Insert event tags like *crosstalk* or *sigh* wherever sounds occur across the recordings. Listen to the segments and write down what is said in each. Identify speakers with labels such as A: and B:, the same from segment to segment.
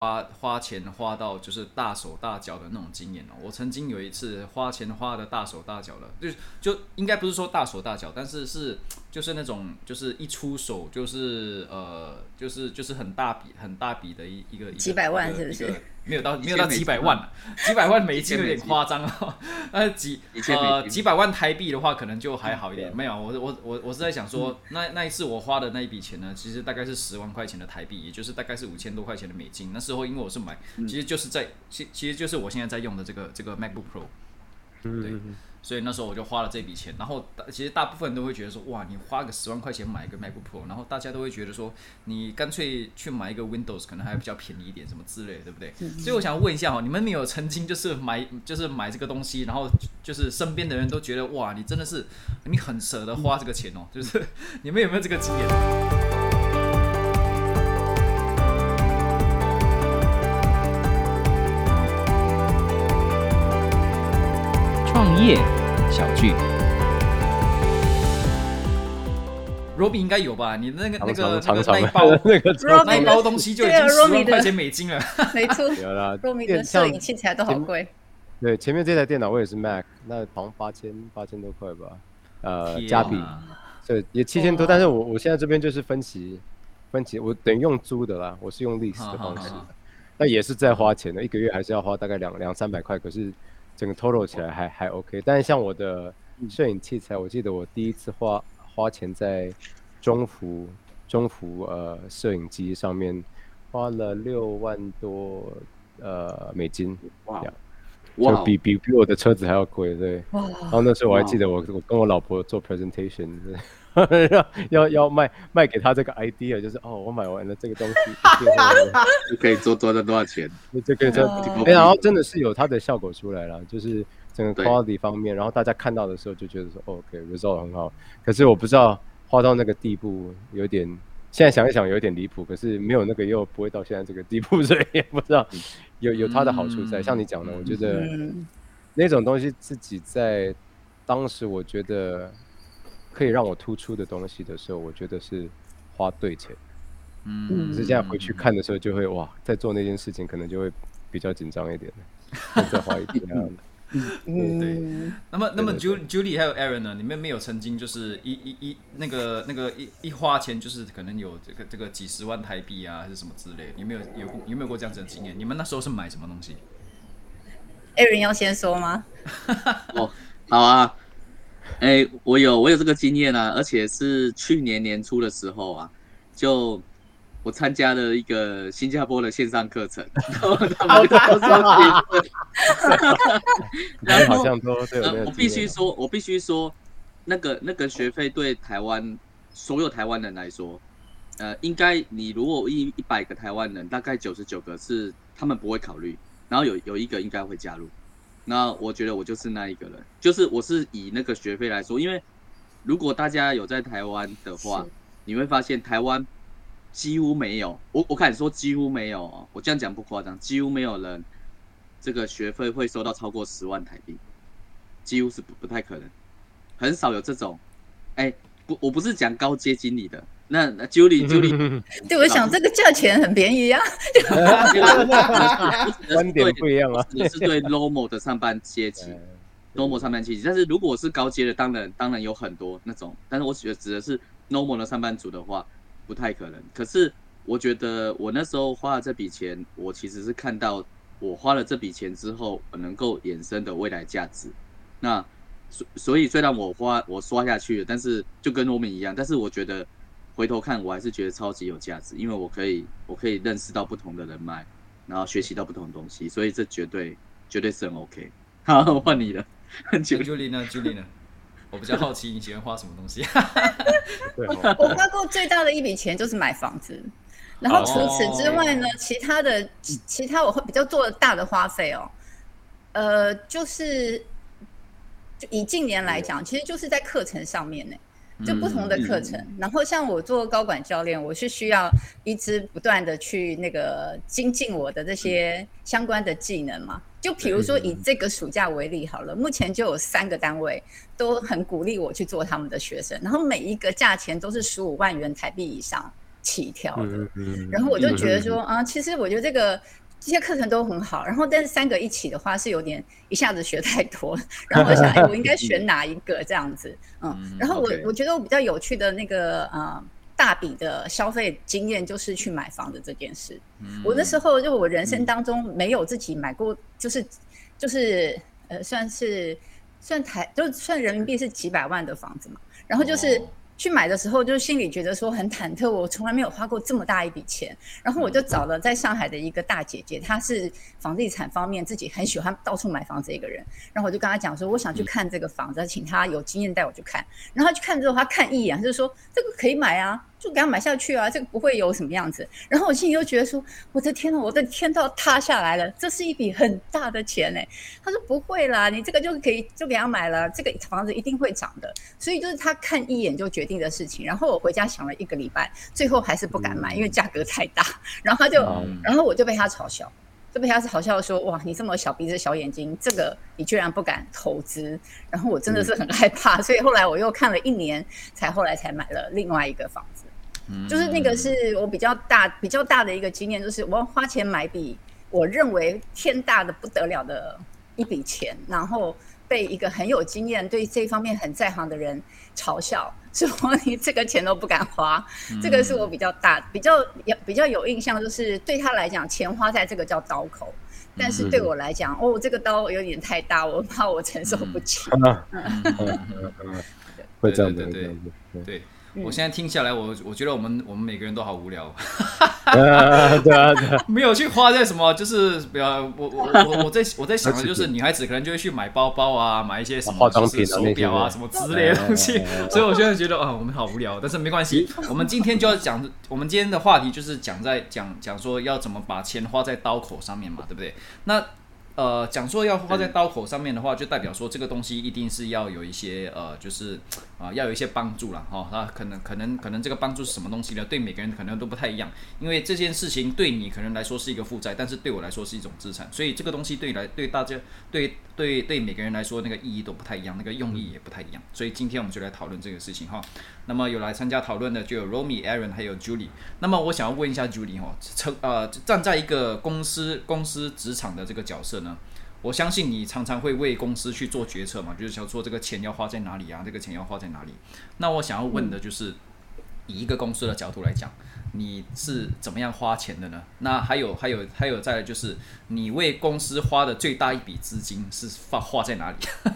A: 花花錢花到就是大手大腳的那種經驗哦。我曾經有一次花錢花的大手大腳了就，就就應該不是說大手大腳，但是是。就是那種，就是一出手就是呃，就是就是很大筆很大筆的一一個,一個幾百萬，是
B: 不
C: 是？沒有到
A: 沒有到幾百萬、啊，幾百萬美金有點誇張那、啊啊、幾呃幾百萬台幣的話，可能就還好一點。嗯、沒有，我我我我是在想說，嗯、那那一次我花的那一筆錢呢，其實大概是十萬塊錢的台幣，也就是大概是五千多塊錢的美金。那時候因為我是買，嗯、其實就是在其其實就是我現在在用的這個這個 MacBook Pro，對。嗯所以那時候我就花了這筆錢，然後大，其實大部分人都會覺得說，哇，你花個十萬塊錢買一個 MacBook Pro，然後大家都會覺得說，你乾脆去買一個 Windows，可能還比較便宜一點，什麼之類，對不對？嗯嗯。所以我想問一下哦，你們沒有曾經就是買就是買這個東西，然後就是身邊的人都覺得哇，你真的是你很捨得花這個錢哦，嗯。就是你們有沒有這個經驗？
C: 創業。
A: 小聚，Romy 應該有吧？你那個長長長長長長你那個那個包那個包東西就已經四塊錢美金
B: 了， *laughs* 沒錯。有啦，Romy 的攝影器材都好貴。
D: 對，前面這台電腦我也是 Mac，那好像八千八千多塊吧？呃，啊、加幣這也七千多，但是我我現在這邊就是分期，分期我等於用租的啦，我是用 lease 的方式，
C: 那 *laughs* 也是在
D: 花錢的，一個月還是要花大概兩兩三百塊，可是。整個 total 起來還、wow. 還 OK，但是像我的攝影器材、嗯，我記得我第一次花花錢在中幅中幅呃攝影機上面，花了六萬多呃美金，哇、wow.，就比、wow. 比比我的車子還要貴，對，然、wow. 後、啊、那時候我還記得我、wow. 我跟我老婆做 presentation。 *laughs* 要要要賣賣給他這個 idea 就是哦，我買完了這個東西， *laughs* *laughs* 就可以多賺多少錢。你這個，然後真的是有它的效果出來了，就是整個 quality 方面，然後大家看到的時候就覺得說、哦、OK，result、okay, 很好。可是我不知道花到那個地步有點，現在想一想有點離譜。可是沒有那個又不會到現在這個地步，所以也不知道有有它的好處在。嗯、像你講的、嗯，我覺得、嗯、那種東西自己在當時我覺得。可以讓我突出的東西的時候，我覺得是花對錢，嗯，可是這樣。回去看的時候，就會、嗯、哇，在做那件事情可能就會比較緊張一點， *laughs* 再花一點嗯， *laughs* 對，對，對。
A: 那麼，那麼 Julie、Julie 還有 Aaron 呢？你們沒有曾經就是一、一、一那個、那個一一花錢，就是可能有這個、這個幾十萬台幣啊，還是什麼之類的？你有沒有有有沒有過這樣子
C: 的經驗？你們那時候是買什麼東西
B: ？Aaron 要先說嗎？
C: 哦， *laughs* 好啊。哎、欸，我有我有這個經驗啊，而且是去年年初的時候啊，就我參加了一個新加坡的線上課程，哈哈哈哈哈哈，然後好像都我必須說，我必須說，那個那個學費對台灣所有台灣人來說，呃，應該你如果一一百個台灣人，大概九十九個是他們不會考慮，然後有有一個應該會加入。那我覺得我就是那一個人，就是我是以那個學費來說，因為如果大家有在台灣的話，你會發現台灣幾乎沒有，我我敢說幾乎沒有，我這樣講不誇張，幾乎沒有人這個學費會收到超過十萬台幣，幾乎是不不太可能，很少有這種，哎、欸，不，我不是講高階經理的。那那 Julie Julie 對
B: 我想這個價錢很便宜啊，哈
C: 哈哈哈觀點不一樣啊，你 *laughs* 是對 normal 的上班階級 normal 上班階級，但是如果是高階的，當然當然有很多那種，但是我覺得指的是 normal 的上班族的話，不太可能。可是我覺得我那時候花了這筆錢，我其實是看到我花了這筆錢之後，我能夠衍生的未來價值。那所所以雖然我花我刷下去了，但是就跟我們一樣，但是我覺得。回頭看，我還是覺得超級有價值，因為我可以，我可以認識到不同的人脈，然後學習到不同的東西，所以這絕對，絕對是很 OK。好，我換你了。Julie 呢？Julie 呢？我比較好
A: 奇你喜歡花什麼東西。
C: *laughs* *laughs* *laughs* 我
B: 花過最大的一筆錢就是買房子，
A: 然後除此之
B: 外呢，oh. 其他的其他我會比較做的大的花費哦，呃，就是就以近年來講， *laughs* 其實就是在課程上面呢。
C: 就不同的課程、
B: 嗯嗯，然後像我做高管教練，我是需要一直不斷的去那個精進我的這些相關的技能嘛。嗯、就比如說以這個暑假為例好了，嗯，目前就有三個單位都很鼓勵我去做他們的學生，然後每一個價錢都是十五萬元台幣以上起跳的，嗯嗯、然後我就覺得說啊、嗯嗯嗯嗯，其實我覺得這個。這些課程都很好，然後但是三個一起的話是有點一下子學太多，然後我想，哎，我應該選哪一個？ *laughs* 這樣子，嗯，嗯然後我，okay. 我覺得我比較有趣的那個呃大筆的消費經驗就是去買房的這件事，嗯，我那時候就我人生當中沒有自己買過，嗯，就是就是呃算是算台就算人民幣是幾百萬的房子嘛，然後就是。哦去買的時候，就心裡覺得說很忐忑，我從來沒有花過這麼大一筆錢。然後我就找了在上海的一個大姐姐，她是房地產方面自己很喜歡到處買房子的一個人，然後我就跟她講說，我想去看這個房子，請她有經驗帶我去看。然後去看之後，她看一眼，就是說這個可以買啊。就給他買下去啊，這個不會有什麼樣子。然後我心裡就覺得說，我的天吶、啊，我的天都要塌下來了，這是一筆很大的錢哎、欸。他說不會啦，你這個就可以就給他買了，這個房子一定會漲的。所以就是他看一眼就決定的事情。然後我回家想了一個禮拜，最後還是不敢買，因為價格太大。嗯、然後他就、嗯，然後我就被他嘲笑。這邊他是好笑說：“哇，你這麼小鼻子小眼睛，這個你居然不敢投資？”然後我真的是很害怕，嗯嗯，所以後來我又看了一年，才後來才買了另外一個房子。就是那個是我比較大、比較大的一個經驗，就是我要花錢買筆我認為天大的不得了的一筆錢，然後被一個很有經驗、對這一方面很在行的人嘲笑。說 *laughs* 你這個錢都不敢花，這個是我比較大、比較有、比較有印象，就是對他來講，錢花在這個叫刀口，但是對我來講，哦，這個刀有點太大，我怕我承受不起。
D: 會這樣的，對對對，對。
A: 我現在聽下來，我我覺得我們我們每個人都好無聊。
D: 對啊，沒有去花在什
A: 麼，就是比方我我我我在我在想的就是女孩子可能就會去買包包啊，買一些什麼就是手錶啊什麼之類的東西，所以我現在覺得啊，我們好無聊，但是沒關係，我們今天就要講，我們今天的話題就是講在講講說要怎麼把錢花在刀口上面嘛，對不對？那。呃，講說要花在刀口上面的話、嗯，就代表說這個東西一定是要有一些呃，就是啊、呃，要有一些幫助啦。哈、哦。那、啊、可能可能可能這個幫助是什麼東西呢？對每個人可能都不太一樣，因為這件事情對你可能來說是一個負債，但是對我來說是一種資產。所以這個東西對你來對大家對對對，對每個人來說那個意義都不太一樣，那個用意也不太一樣。所以今天我們就來討論這個事情哈、哦。那麼有來參加討論的就有 Romy、Aaron 還有 Julie。那麼我想要問一下 Julie 哈、哦，從呃站在一個公司公司職場的這個角色呢？我相信你常常會為公司去做決策嘛，就是想說這個錢要花在哪裡啊，這個錢要花在哪裡。那我想要問的就是，以一個公司的角度來講，你是怎麼樣花錢的呢？那還有還有還有再來就是，你為公司花的最大一筆資金是花，花在哪裡？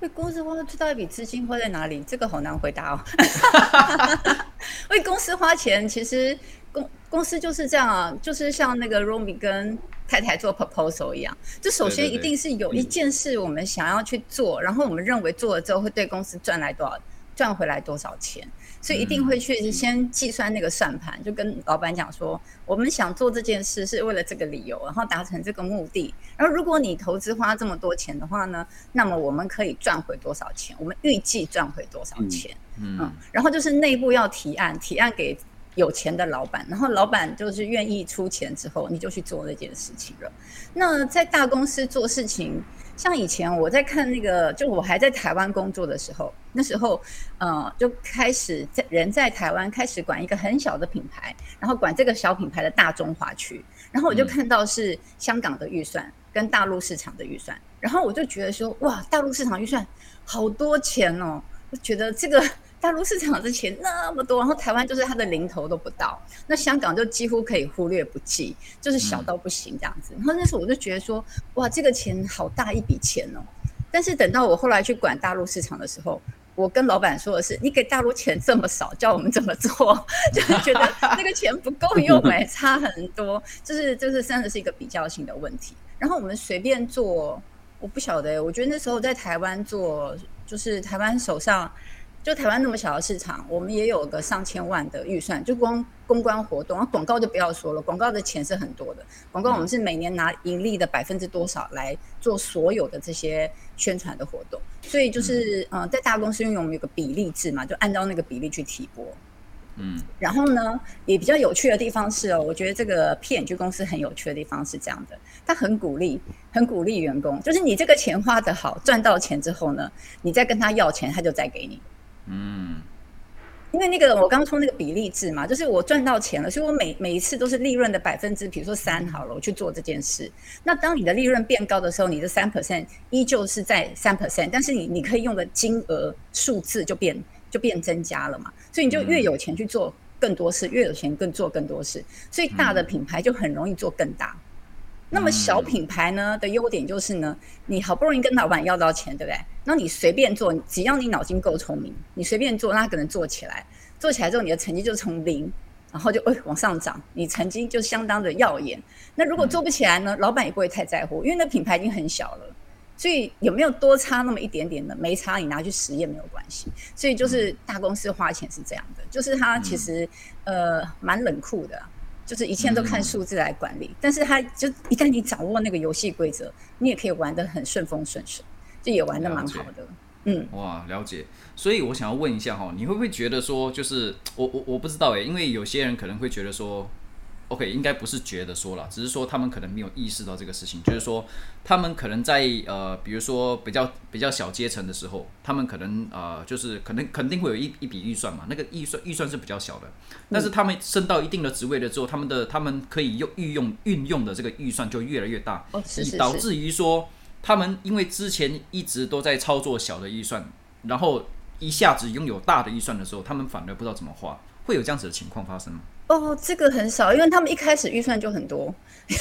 B: 為公司花的最大一筆資金花在哪裡？這個好難回答哦。 *laughs* *laughs* 為公司花錢，其實公公司就是這樣啊，就是像那個 Romy 跟。太太做 proposal 一樣，就首先一定是有一件事我們想要去做。對對對，然後我們認為做了之後會對公司賺來多少，嗯，賺回來多少錢，所以一定會去先計算那個算盤，嗯，就跟老闆講說，我們想做這件事是為了這個理由，然後達成這個目的，然後如果你投資花這麼多錢的話呢，那麼我們可以賺回多少錢？我們預計賺回多少錢？嗯，嗯嗯，然後就是內部要提案，提案給。有錢的老闆，然後老闆就是願意出錢之後，你就去做那件事情了。那在大公司做事情，像以前我在看那個，就我還在台灣工作的時候，那時候，呃，就開始在人在台灣開始管一個很小的品牌，然後管這個小品牌的大中華區，然後我就看到是香港的預算跟大陸市場的預算，然後我就覺得說，哇，大陸市場預算好多錢哦，我覺得這個。大陸市場的錢那麼多，然後台灣就是它的零頭都不到，那香港就幾乎可以忽略不計，就是小到不行這樣子。嗯。然後那時候我就覺得說，哇，這個錢好大一筆錢哦。但是等到我後來去管大陸市場的時候，我跟老闆說的是，你給大陸錢這麼少，叫我們怎麼做？ *laughs* 就是覺得那個錢不夠用， *laughs* 還差很多。就是就是，真的是一個比較性的問題。然後我們隨便做，我不曉得。我覺得那時候在台灣做，就是台灣手上。就台灣那麼小的市場，我們也有個上千萬的預算，就光公關活動，廣告就不要說了，廣告的錢是很多的。廣告我們是每年拿盈利的百分之多少來做所有的這些宣傳的活動。所以就是，嗯，呃、在大公司因為我們有個比例制嘛，就按照那個比例去提撥。嗯，然後呢，也比較有趣的地方是哦，我覺得這個 P&G 公司很有趣的地方是這樣的，他很鼓勵，很鼓勵員工，就是你這個錢花得好，賺到錢之後呢，你再跟他要錢，他就再給你。嗯，因為那個我剛剛說那個比例制嘛，就是我賺到錢了，所以我每每一次都是利潤的百分之，比如說三好了，我去做這件事。那當你的利潤變高的時候，你的三 percent 依舊是在三 percent，但是你你可以用的金額數字就變就變增加了嘛，所以你就越有錢去做更多事，嗯，越有錢更做更多事，所以大的品牌就很容易做更大。那麼小品牌呢的優點就是呢，你好不容易跟老闆要到錢，對不對？那你隨便做，只要你腦筋夠聰明，你隨便做，那可能做起來，做起來之後你的成績就從零，然後就哎、欸、往上漲，你成績就相當的耀眼。那如果做不起來呢，老闆也不會太在乎，因為那品牌已經很小了，所以有沒有多差那麼一點點呢？沒差，你拿去實驗沒有關係。所以就是大公司花錢是這樣的，就是它其實、嗯、呃蠻冷酷的。就是一切都看數字來管理，嗯，但是他就一旦你掌握那個遊戲規則，你也可以玩得很順風順水，就也玩得蠻好的。
C: 嗯，
A: 哇，了解。所以我想要問一下哈，你會不會覺得說，就是我我我不知道哎、欸，因為有些人可能會覺得說。OK，應該不是覺得說了，只是說他們可能沒有意識到這個事情，就是說他們可能在呃，比如說比較比較小階層的時候，他們可能呃，就是可能肯定會有一一筆預算嘛，那個預算預算是比較小的，但是他們升到一定的職位了之後、嗯，他們的他們可以用運用運用的這個預算就越來越大，哦、是是是是，所以導致於說他們因為之前一直都在操作小的預算，然後一下子擁有大的預算的時候，他們反而不知道怎麼花，會有這樣子的情況發生嗎？
B: 哦、oh，這個很少，因為他們一開始預算就很多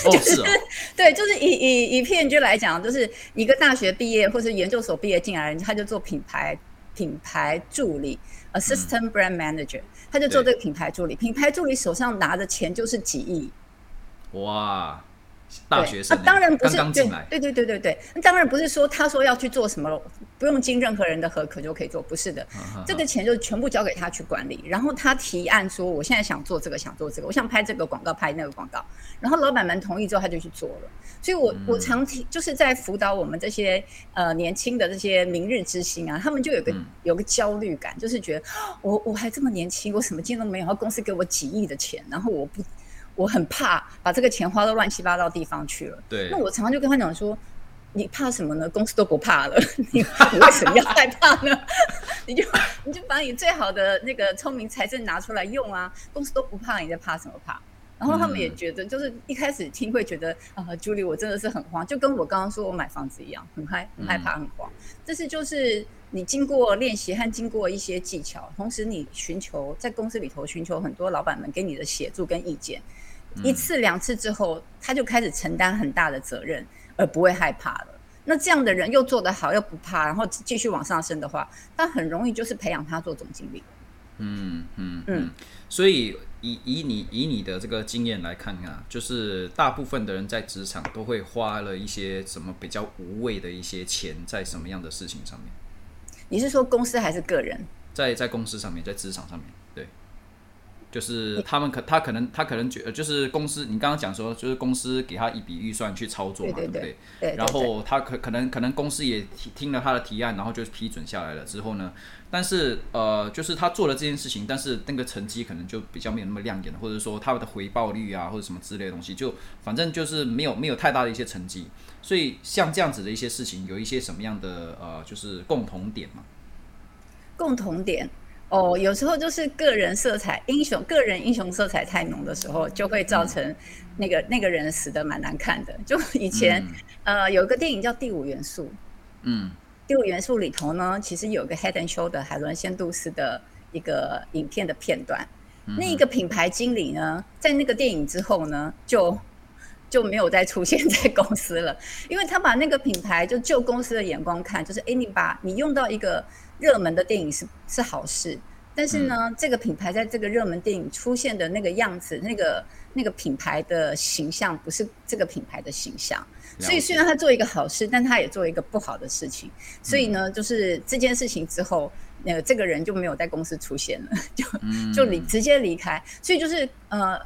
B: ，oh, 就是，是、哦、 *laughs* 對，就是以以以 P&G 來講，就是一個大學畢業或者研究所畢業進來人，他就做品牌品牌助理，assistant brand manager，嗯、他就做這個品牌助理，品牌助理手上拿的錢就是幾億，
A: 哇。大學生對、啊，當然不是剛剛，對，
B: 對對對對對，那當然不是說他說要去做什麼，不用經任何人的核可就可以做，不是的。好好好，這個錢就全部交給他去管理，然後他提案說我現在想做這個，想做這個，我想拍這個廣告，拍那個廣告，然後老闆們同意之後他就去做了，所以我、嗯、我常提就是在輔導我們這些呃年輕的這些明日之星啊，他們就有個、嗯、有個焦慮感，就是覺得、啊、我我還這麼年輕，我什麼經驗都沒有，公司給我幾億的錢，然後我不。我很怕把這個錢花到亂七八糟地方去了。對。那我常常就跟他講說：“你怕什麼呢？公司都不怕了， *laughs* 你為什麼要害怕呢？ *laughs* 你就你就把你最好的那個聰明才智拿出來用啊！公司都不怕，你在怕什麼怕？”然後他們也覺得，嗯、就是一開始聽會覺得啊，Julie，我真的是很慌，就跟我剛剛說我買房子一樣，很害、很害、嗯、怕，很慌。這是就是。你經過練習和經過一些技巧，同時你尋求在公司裡頭尋求很多老板們給你的協助跟意見，
C: 一次
B: 兩次之後，他就開始承擔很大的責任而不會害怕了。那這樣的人又做得好又不怕，然後繼續往上升的話，他很容易就是培養他做總經理。嗯嗯嗯。
A: 所以以以你以你的這個經驗來看啊，就是大部分的人在職場都會花了一些什麼比較無謂的一些錢在什麼樣的事情上面？
B: 你是說公司還是個人？
A: 在在公司上面，在職場上面，對，就是他們可他可能他可能覺、呃、就是公司，你剛剛講說就是公司給他一筆預算去操作嘛，對，對，對，對不對？對，對，對。然後他可可能可能公司也聽了他的提案，然後就批准下來了之後呢，但是呃，就是他做了這件事情，但是那個成績可能就比較沒有那麼亮眼，或者說他的回報率啊或者什麼之類的東西，就反正就是沒有沒有太大的一些成績。所以像這樣子的一些事情，有一些什麼樣的呃，就是共同點嗎？
B: 共同點哦，有時候就是個人色彩，英雄個人英雄色彩太濃的時候，就會造成那個、嗯、那個人死得蠻難看的。就以前、嗯、呃，有一個電影叫《第五元素》，嗯，
A: 《
B: 第五元素》裡頭呢，其實有一個 Head and Show 的海倫仙度絲的一個影片的片段、嗯。那一個品牌經理呢，在那個電影之後呢，就。就沒有再出現在公司了，因為他把那個品牌就就公司的眼光看，就是哎、欸，你把你用到一個熱門的電影是是好事，但是呢，這個品牌在這個熱門電影出現的那個樣子，那個那個品牌的形象不是這個品牌的形象，所以雖然他做一個好事，但他也做一個不好的事情，所以呢，就是這件事情之後，那這個人就沒有在公司出現了，就就離直接離開，所以就是呃。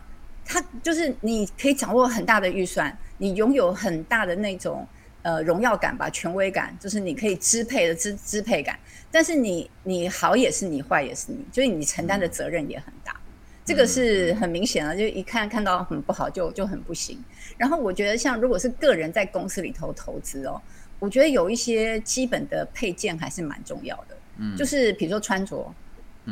B: 他就是你可以掌握很大的預算，你擁有很大的那種呃榮耀感吧，權威感，就是你可以支配的支支配感。但是你你好也是你壞也是你，就是你承擔的責任也很大，嗯，這個是很明顯的，啊，嗯，就一看看到很不好就就很不行。然後我覺得像如果是個人在公司裡頭投資哦，我覺得有一些基本的配件還是蠻重要的，嗯，就是比如說穿着。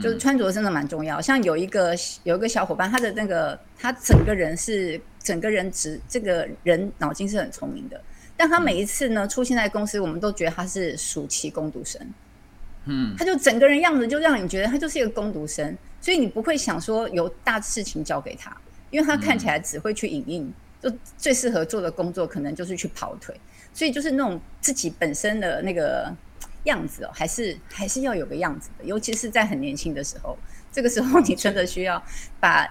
B: 就是穿着真的蠻重要，像有一個有一個小夥伴，他的那個他整個人是整個人，只這個人腦筋是很聰明的，但他每一次呢，嗯，出現在公司，我們都覺得他是暑期工讀生。
A: 嗯，他
B: 就整個人樣子就讓你覺得他就是一個工讀生，所以你不會想說有大事情交給他，因為他看起來只會去影印，就最適合做的工作可能就是去跑腿，所以就是那種自己本身的那個。樣子哦，還是還是要有個樣子的，尤其是在很年輕的時候，這個時候你真的需要把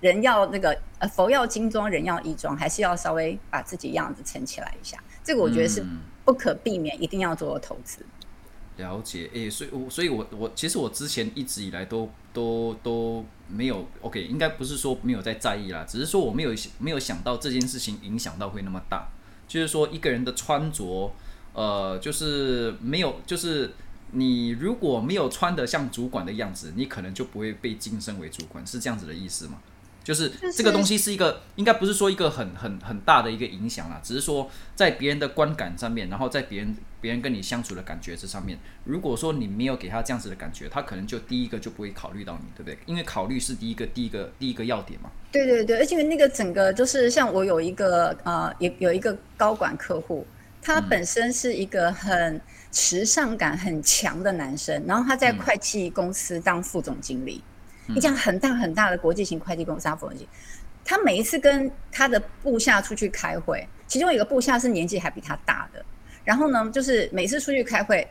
B: 人要那個呃，佛要金裝，人要衣裝，還是要稍微把自己樣子撐起來一下。這個我覺得是不可避免，一定要做的投資、嗯。
A: 了解，誒、欸，所以所以我，我我其實我之前一直以來都都都沒有 OK，應該不是說沒有在在意啦，只是說我沒有沒有想到這件事情影響到會那麼大，就是說一個人的穿着。呃，就是沒有，就是你如果沒有穿的像主管的樣子，你可能就不會被晉升為主管，是這樣子的意思嗎？就是這個東西是一個，就是、應該不是說一個很很很大的一個影響啦，只是說在別人的觀感上面，然後在別人別人跟你相處的感覺這上面，如果說你沒有給他這樣子的感覺，他可能就第一個就不會考慮到你，對不對？因為考慮是第一個，第一個，第一個要點嘛。
B: 對對對，而且那個整個就是像我有一個啊，也、呃、有一個高管客戶。他本身是一個很時尚感很強的男生、嗯，然後他在會計公司當副總經理，嗯、一家很大很大的國際型會計公司副總經理。他每一次跟他的部下出去開會，其中有個部下是年紀還比他大的，然後呢，就是每次出去開會，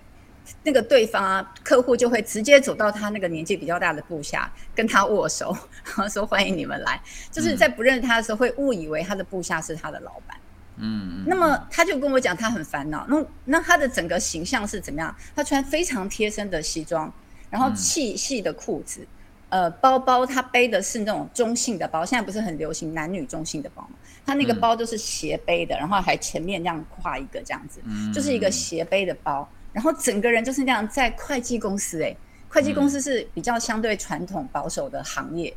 B: 那個對方啊客戶就會直接走到他那個年紀比較大的部下跟他握手，然後說歡迎你們來，就是在不認識他的時候會誤以為他的部下是他的老闆。嗯嗯。嗯，那麼他就跟我講，他很煩惱。那那他的整個形象是怎麼樣？他穿非常貼身的西裝，然後細細的褲子，嗯，呃，包包他背的是那種中性的包，現在不是很流行男女中性的包嗎？他那個包就是斜背的，嗯，然後還前面這樣挎一個這樣子，嗯、就是一個斜背的包，然後整個人就是那樣在會計公司哎，欸，會計公司是比較相對傳統保守的行業。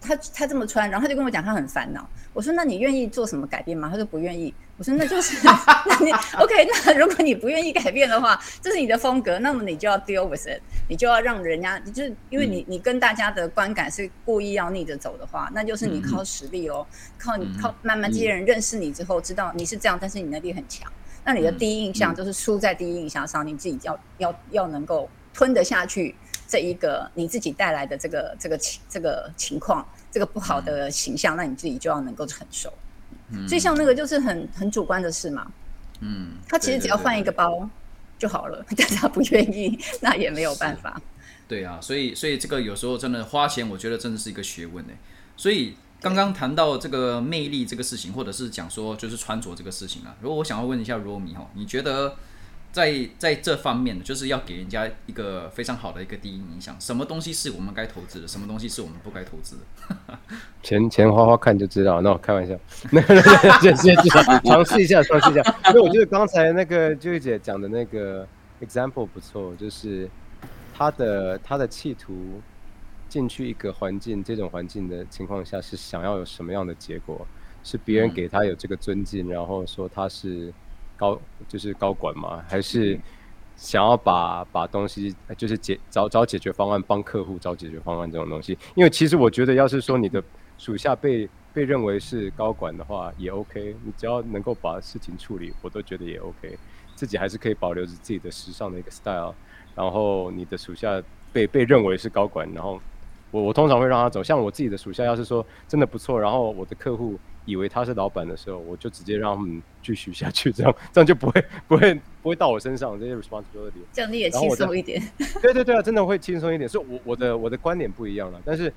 B: 他他這麼穿，然後他就跟我講他很煩惱。我說：“那你願意做什麼改變嗎？”他說：“不願意。”我說：“那就是 *laughs* *laughs* 那你 OK？那如果你不願意改變的話，這是你的風格，那麼你就要 deal with it。你就要讓人家，就是因為你、嗯、你跟大家的觀感是故意要逆着走的話，那就是你靠實力哦，嗯、靠你、嗯、靠慢慢這些人認識你之後，知道你是這樣，嗯、但是你能力很強。那你的第一印象就是輸在第一印象上、嗯，你自己要、嗯、要要能夠吞得下去。”這一個你自己帶來的這個這個情這個情況，這個不好的形象，嗯，那你自己就要能夠承受。
C: 嗯，所以像
B: 那個就是很很主觀的事嘛。嗯，他其實只要換一個包就好了，對對對對對對，但他不願意，那也沒有辦法。
A: 對啊，所以所以這個有時候真的花錢，我覺得真的是一個學問呢。所以剛剛談到這個魅力這個事情，或者是講說就是穿着這個事情啊，如果我想要問一下羅米哈，你覺得？在在這方面的，就是要給人家一個非常好的一個第一印象。什麼東西是我們該投資的，什麼東西是我們不該投
D: 資的？錢 *laughs* 錢花花看就知道。那我開玩笑，那先先嘗試一下，嘗試一下。那 *laughs* 我覺得剛才那個茱麗姐講的那個 example 不錯，就是他的他的企圖進去一個環境，這種環境的情況下是想要有什麼樣的結果？是別人給他有這個尊敬，嗯、然後說他是。高就是高管嘛，還是想要把把東西就是解找找解決方案，幫客戶找解決方案這種東西。因為其實我覺得，要是說你的屬下被被認為是高管的話，也 OK。你只要能夠把事情處理，我都覺得也 OK。自己還是可以保留着自己的時尚的一個 style。然後你的屬下被被認為是高管，然後我我通常會讓他走。像我自己的屬下，要是說真的不錯，然後我的客戶。以為他是老闆的時候，我就直接讓他們繼續下去，這樣這樣就不會不會不會到我身上這些 responsibility。這樣
B: 你也輕鬆一點。
D: *laughs* 對對對啊，真的會輕鬆一點。所以我我的我的觀點不一樣了，但是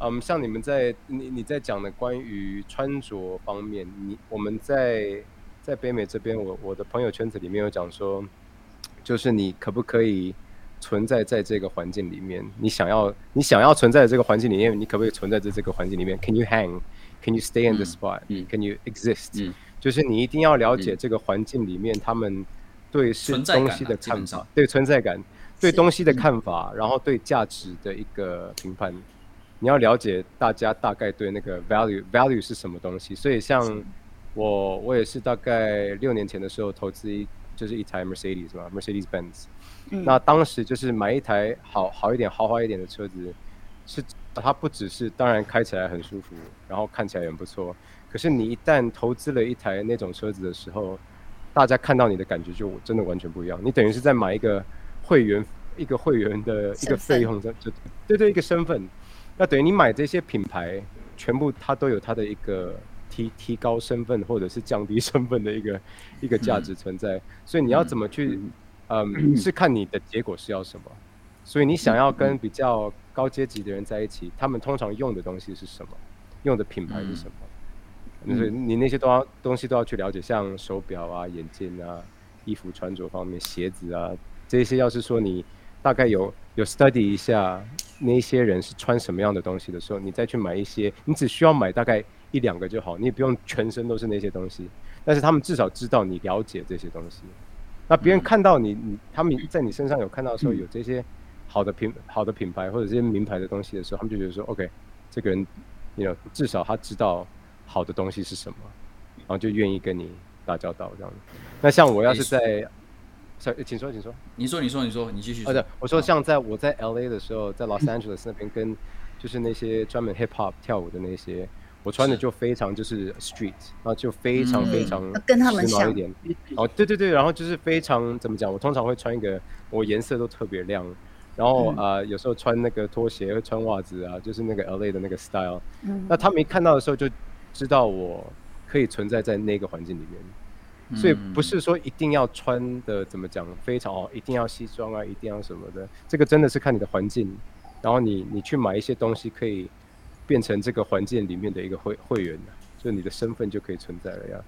D: 嗯，像你們在你你在講的關於穿着方面，你我們在在北美這邊，我我的朋友圈子裡面有講說，就是你可不可以存在在這個環境裡面？你想要你想要存在這個環境裡面，你可不可以存在在這個環境裡面？Can you hang？Can you stay in the spot?、嗯嗯、Can you exist?、嗯、就是你一定要了解這個環境裡面他們對是東西的看法、嗯，對、嗯、存在感、啊對存在感，對東西的看法，然後對價值的一個評判、嗯，你要了解大家大概對那個 value value 是什麼東西。所以像我我也是大概六年前的時候投資一就是一台 Mercedes 是吧？Mercedes Benz、嗯。那當時就是買一台好好一點、豪華一點的車子是。它不只是，當然開起來很舒服，然後看起來也不錯。可是你一旦投資了一台那種車子的時候，大家看到你的感覺就真的完全不一樣。你等於是在買一個會員，一個會員的一個費用，在這，對對一個身份。那等於你買這些品牌，全部它都有它的一個提提高身份或者是降低身份的一個一個價值存在。嗯。所以你要怎麼去嗯，嗯，是看你的結果是要什麼。所以你想要跟比較高階級的人在一起，嗯嗯，他們通常用的東西是什麼？用的品牌是什麼？嗯、你那些都要東西都要去了解，像手錶啊、眼鏡啊、衣服穿着方面、鞋子啊這些。要是說你大概有有 study 一下那些人是穿什麼樣的東西的時候，你再去買一些，你只需要買大概一兩個就好，你也不用全身都是那些東西。但是他們至少知道你了解這些東西，那別人看到你，你、嗯、他們在你身上有看到的時候有這些。好的品好的品牌，或者這些名牌的東西的時候，他們就覺得說，OK，這個人，you know, 至少他知道好的東西是什麼，然後就願意跟你打交道這樣。那像我要是在，小、欸欸，請說，請說，你說，你說，你說，你繼續說、啊。對，我說像在我在 LA 的時候，在 Los Angeles 那邊跟就是那些專門 hip hop 跳舞的那些，我穿的就非常就是 street，然後就非常非常一點、嗯、跟他們像。哦、啊，對對對，然後就是非常怎麼講，我通常會穿一個我顏色都特別亮。然後啊、嗯呃，有時候穿那個拖鞋，穿襪子啊，就是那個 LA 的那個 style、嗯。那他沒看到的時候，就知道我可以存在在那個環境裡面。所以不是說一定要穿的，怎麼講，非常好，一定要西裝啊，一定要什麼的。這個真的是看你的環境。然後你你去買一些東西，可以變成這個環境裡面的一個會會員，就你的身份就可以存在了呀。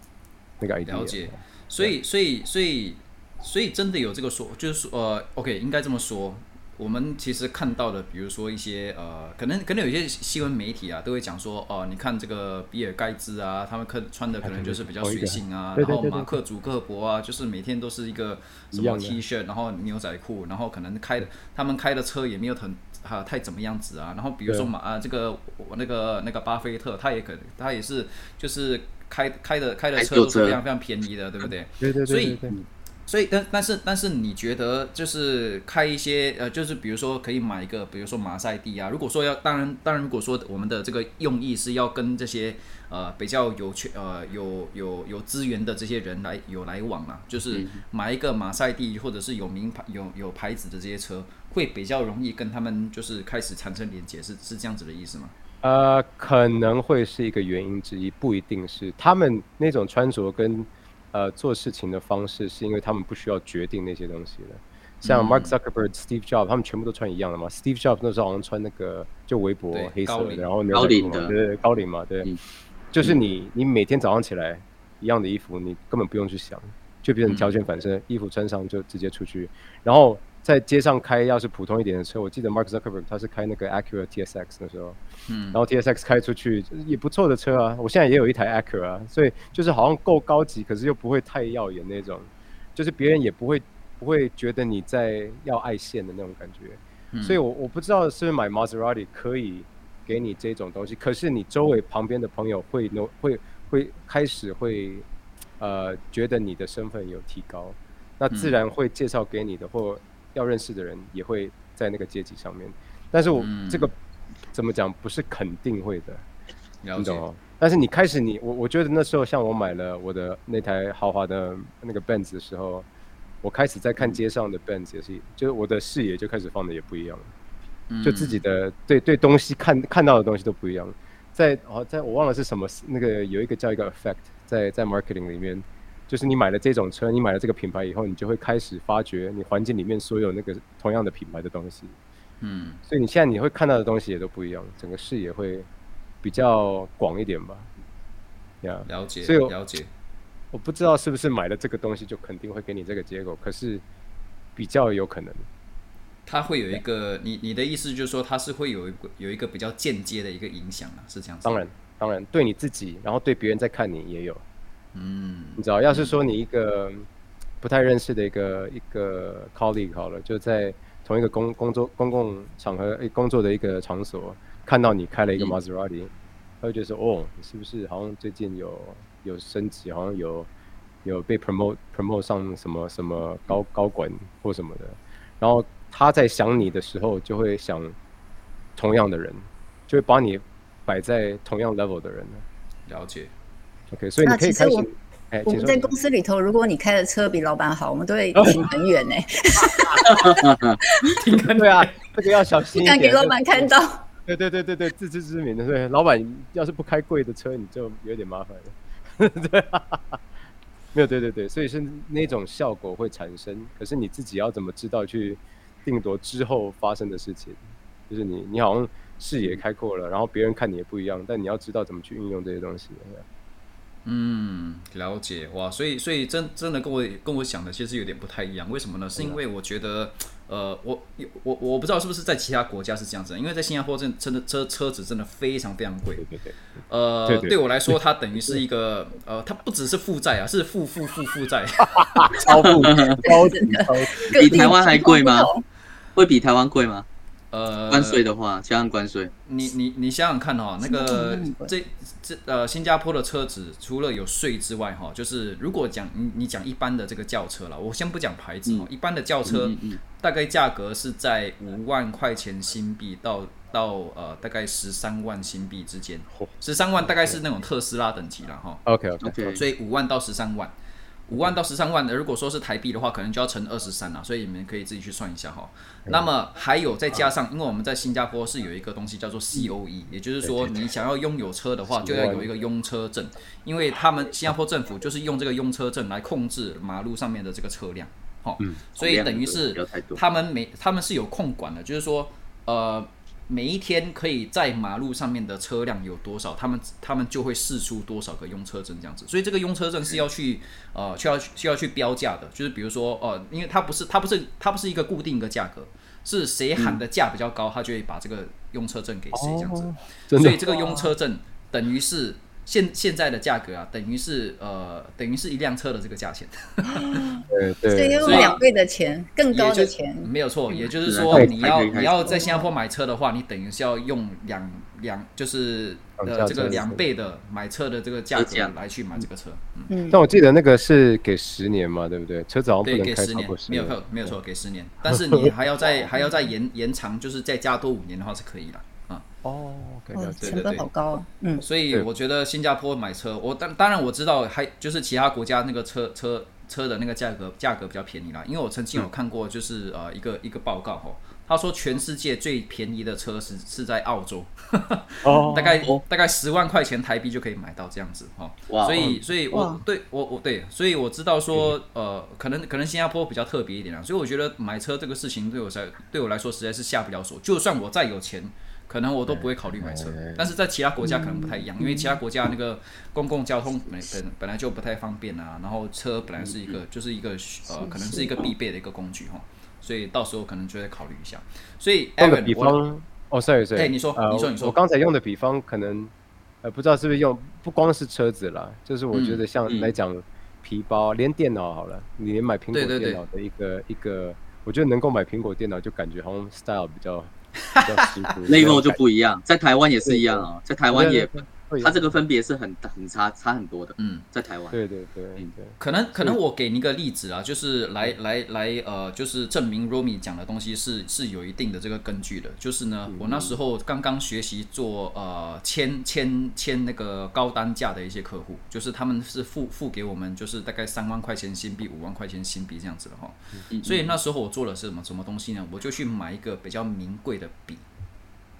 D: 那個 I D 了解。
A: 嗯、所以所以所以所以真的有這個說，就是說呃，OK，應該這麼說。我們其實看到的，比如說一些呃，可能可能有些新聞媒體啊，都會講說，哦、呃，你看這個比爾蓋茨啊，他們可穿的可能就是比較隨性啊，啊對對對對，然後馬克·祖克伯啊，就是每天都是一個什麼 T 恤，然後牛仔褲，然後可能開的他們開的車也沒有很哈、啊、太怎麼樣子啊，然後比如說馬啊這個我那個那個巴菲特，他也可他也是就是開開的開的車都是非常非常便宜的，對不對？對對對對，所以。所以，但但是但是，你覺得就是開一些呃，就是比如說可以買一個，比如說馬賽蒂啊。如果說要，當然當然，如果說我們的這個用意是要跟這些呃比較有權呃有有有資源的這些人來有來往嘛、啊，就是買一個馬賽蒂或者是有名牌有有牌子的這些車，會比較容易跟他們就是開始產生連接，是是這樣子的意思嗎？
D: 呃，可能會是一個原因之一，不一定是他們那種穿着跟。呃，做事情的方式，是因為他們不需要決定那些東西的。
C: 像 Mark
D: Zuckerberg、嗯、Steve Jobs，他們全部都穿一樣的嘛？Steve Jobs 那時候好像穿那個就圍脖，黑色，然後高領的，對，對，對，高領嘛，對、嗯。就是你，你每天早上起來一樣的衣服，你根本不用去想，就變成條件反射、嗯，衣服穿上就直接出去，然後。在街上開，要是普通一點的車，我記得 Mark Zuckerberg 他是開那個 Acura TSX 的時候，嗯，
B: 然
D: 後 TSX 開出去也不錯的車啊。我現在也有一台 Acura，所以就是好像夠高級，可是又不會太耀眼那種，就是別人也不會不會覺得你在要愛現的那種感覺。嗯、所以我我不知道是不是買 Maserati 可以給你這種東西，可是你周圍旁邊的朋友會能會會開始會呃覺得你的身份有提高，那自然會介紹給你的話、嗯、或。要認識的人也會在那個階級上面，但是我這個、嗯、怎麼講，不是肯定會的，你懂嗎、哦？但是你開始你我我覺得那時候像我買了我的那台豪華的那個 Benz 的時候，我開始在看街上的 Benz 也是，嗯、就是我的視野就開始放的也不一樣
C: 了，就自己
D: 的對對東西看看到的東西都不一樣了，在哦在我忘了是什麼那個有一個叫一個 effect 在在 marketing 裡面。就是你買了這種車，你買了這個品牌以後，你就會開始發覺你環境裡面所有那個同樣的品牌的東西，嗯，所以你現在你會看到的東西也都不一樣，整個視野會比較廣一點吧，呀，Yeah，了解，了解，我不知道是不是買了這個東西就肯定會給你這個結果，可是比較有可能，
A: 他會有一個，Yeah. 你你的意思就是說他是會有一個有一個比較間接的一個影響啊，是這樣，當然
D: 當然對你自己，然後對別人在看你也有。嗯，你知道，要是說你一個不太認識的一個、嗯、一個 colleague 好了，就在同一個工作工作公共場合、工作的一個場所，看到你開了一個 Maserati，嗯、他會覺得說，哦，你是不是好像最近有有升級，好像有有被 promote promote 上什麼什麼高高管或什麼的？然後他在想你的時候，就會想同樣的人，就會把你擺在同樣 level 的人呢？了解。Okay, 所以你可以開那其實我，欸我們，在欸、我們在公
B: 司裡頭，如果你開的車比老闆好，我們都會停很遠呢、欸。
D: 停、oh. 很 *laughs* *laughs* 對啊，那、這個要小心一點，不敢給老闆看到。對對對對，對自知之明的對。老闆要是不開貴的車，你就有點麻煩了。對啊，沒有對對對，所以是那種效果會產生。可是你自己要怎麼知道去定奪之後發生的事情？就是你你好像視野開闊了，然後別人看你也不一樣，但你要知道怎麼去運用這些東西。嗯，了解。
A: 哇，所以所以真真的跟我跟我想的其實有點不太一樣，為什麼呢？是因為我覺得，呃，我我我不知道是不是在其他國家是這樣子，因為在新加坡，真真的車車子真的非常非常貴，呃對對對，對我來說，它等於是一個對對對呃，它不只是負債啊，是負負負負債，超負超
B: 負，
A: 比台灣還貴嗎？
C: 會比台灣貴嗎？呃，關稅的話，加上關稅，你你你想想看
A: 哈、喔，那個這這呃，新加坡的車子除了有稅之外哈、喔，就是如果講你你講一般的這個轎車啦，我先不講牌子哦、喔嗯，一般的轎車大概價格是在五萬塊錢新幣到到呃大概十三萬新幣之間，十三萬大概是那種特斯拉等級了哈、喔。
D: OK OK OK，所以
A: 五萬到十三萬。五萬到十三萬的，如果說是台幣的話，可能就要乘二十三了。所以你們可以自己去算一下哈。那麼還有再加上，因為我們在新加坡是有一個東西叫做 COE，也就是說你想要擁有車的話，就要有一個擁車證，因為他們新加坡政府就是用這個擁車證來控制馬路上面的這個車輛，
C: 好、哦，所以等於是
A: 他們沒他們是有控管的，就是說呃。每一天可以在馬路上面的車輛有多少，他們他們就會釋出多少個擁車證這樣子，所以這個擁車證是要去、嗯、呃，需要需要去標價的，就是比如說呃，因為它不是它不是它不是一個固定的價格，是誰喊的價比較高，嗯、他就會把這個擁車證給誰
D: 這樣子，oh, oh, 所以這
A: 個擁車證等於是。現現在的價格啊，等於是呃，等於是，一輛車的這個價錢， *laughs* 對對，
D: 所以要
B: 用兩倍的錢，更高的錢，
A: 沒有錯、嗯。也就是說，嗯、你要你要在新加坡買車的話，你等於是要用兩兩就是呃這個兩倍的買車的這個價格來去買這個車嗯。嗯，但我記得
D: 那個是給十年嘛，對不對？車子好像不能開差不多十年。對，給十年，沒有錯，
A: 沒有錯，給十年、哦。但是你還要再還要再延延長，就是再加多五年的話是可以的。
B: 哦、oh, okay，了 oh, 對對對，成本
A: 好高，哦，嗯，所以我覺得新加坡買車，嗯、我當當然我知道還，還就是其他國家那個車車車的那個價格價格比較便宜啦。因為我曾經有看過，就是、嗯、呃一個一個報告哈，他說全世界最便宜的車是、哦、是在澳洲，呵呵哦、大概大概十萬塊錢台幣就可以買到這樣子哈、呃哦，所以所以我，我對我我對，所以我知道說、嗯、呃，可能可能新加坡比較特別一點啦，所以我覺得買車這個事情對我才對我來說實在是下不了手，就算我再有錢。可能我都不會考慮買車，但是在其他國家可能不太一樣，嗯、因為其他國家那個公共交通本是是是是本,本來就不太方便啊，然後車本來是一個嗯嗯就是一個呃是是、啊，可能是一個必備的一個工具哈，所以到時候可
D: 能就會考慮一下。
A: 所以，打個比方，欸、哦，sorry，sorry，sorry,、欸你,呃、你說，你說，你說，我剛才用
D: 的比方，可能呃，不知道是不是用不光是車子啦，就是我覺得像、嗯、來講皮包，連電腦好了，你連買蘋果電腦的一個,對對對一,個一個，我覺得能夠買蘋果電腦，就感覺好像 style 比較。Level 就不一
C: 樣，在台灣也是一樣啊、喔，在台灣也。 *laughs* 對對 *laughs* 它這個分別是很很差差很多的，嗯，在台灣，對對對，對，對，嗯，可能可能
A: 我給你一個例子啊，就是來來來，呃，就是證明 Romy 講的東西是是有一定的這個根據的，就是呢，我那時候剛剛學習做呃簽簽簽那個高單價的一些客戶，就是他們是付付給我們就是大概三萬塊錢新幣五萬塊錢新幣這樣子的哈、哦嗯，所以那時候我做的是什麼什麼東西呢？我就去買一個比較名貴的筆。